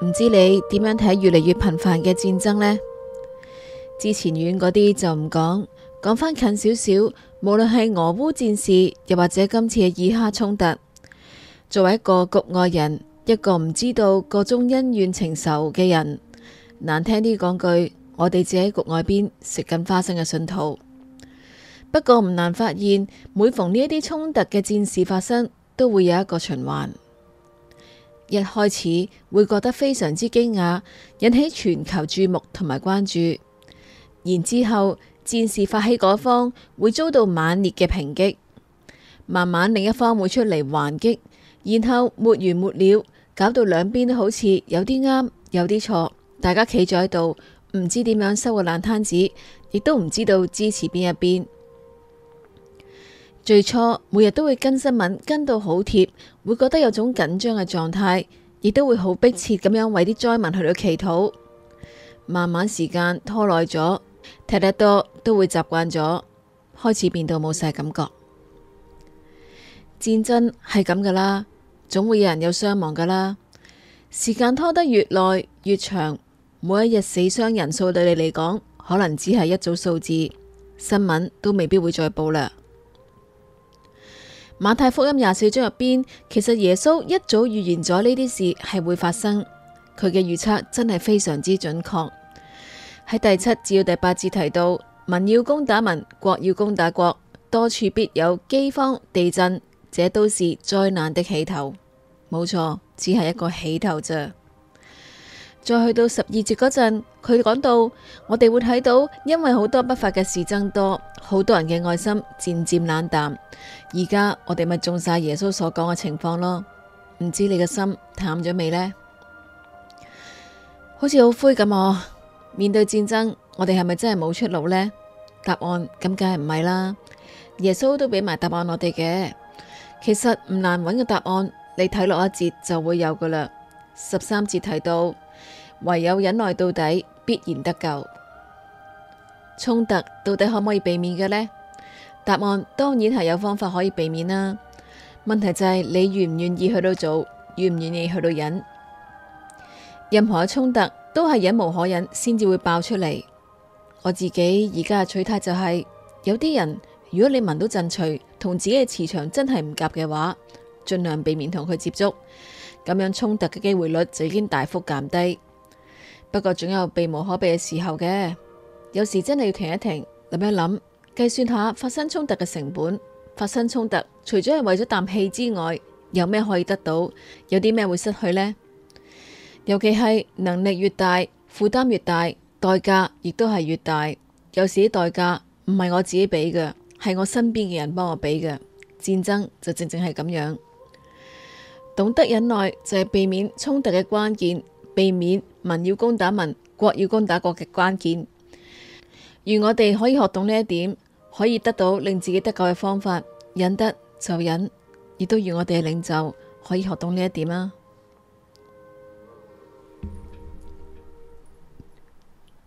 唔知你點樣睇越嚟越頻繁嘅戰爭呢？之前遠嗰啲就唔講，講返近少少，無論係俄烏戰事，又或者今次嘅以哈衝突，作為一個局外人，一個唔知道個中恩怨情仇嘅人，難聽啲講句，我哋只喺局外邊食緊花生嘅信徒。不過唔難發現，每逢呢一啲衝突嘅戰事發生，都會有一個循環。一開始會覺得非常之驚訝，引起全球注目同埋關注。然之後，戰事發起嗰方會遭到猛烈嘅抨擊，慢慢另一方會出嚟還擊，然後沒完沒了，搞到兩邊都好似有啲啱，有啲錯，大家企咗喺度唔知點樣收個爛攤子，亦都唔知道支持邊一邊。最初每日都會跟新聞跟到好貼，會覺得有種緊張嘅狀態，亦都會好迫切咁樣為啲災民去到祈禱。慢慢時間拖耐咗，睇得多都會習慣咗，開始變到冇晒感覺。戰爭係咁噶啦，總會有人有傷亡噶啦。時間拖得越耐越長，每一日死傷人數對你嚟講可能只係一組數字，新聞都未必會再報啦。馬太福音廿四章入邊，其實耶穌一早預言咗呢啲事係會發生，佢嘅預測真係非常之準確。喺第七至第八節提到，民要攻打民，國要攻打國，多處必有饑荒、地震，這都是災難的起頭。冇錯，只係一個起頭啫。再去到十二節嗰陣，佢講到我哋會睇到，因為好多不法嘅事增多，好多人嘅愛心漸漸冷淡。而家我哋咪中晒耶穌所講嘅情況咯。唔知你嘅心淡咗未呢？好似好灰咁哦。面對戰爭，我哋係咪真係冇出路呢？答案咁梗係唔係啦。耶穌都俾埋答案我哋嘅。其實唔難揾嘅答案，你睇落一節就會有噶啦。十三節提到。唯有忍耐到底，必然得救。衝突到底可唔可以避免嘅呢？答案當然係有方法可以避免啦。問題就係你願唔願意去到做，願唔願意去到忍。任何嘅衝突都係忍無可忍先至會爆出嚟。我自己而家嘅取態就係，有啲人，如果你聞到震趣同自己嘅磁場真係唔夾嘅話，盡量避免同佢接觸，咁樣衝突嘅機會率就已經大幅減低。不過總有避無可避嘅時候嘅，有時真係要停一停，諗一諗，計算下發生衝突嘅成本。發生衝突，除咗係為咗啖氣之外，有咩可以得到？有啲咩會失去呢？尤其係能力越大，負擔越大，代價亦都係越大。有時代價唔係我自己俾嘅，係我身邊嘅人幫我俾嘅。戰爭就正正係咁樣，懂得忍耐就係避免衝突嘅關鍵，避免民要攻打民，國要攻打國嘅關鍵。願我哋可以學懂呢一點，可以得到令自己得救嘅方法。忍得就忍，亦都願我哋嘅領袖可以學懂呢一點啦，啊。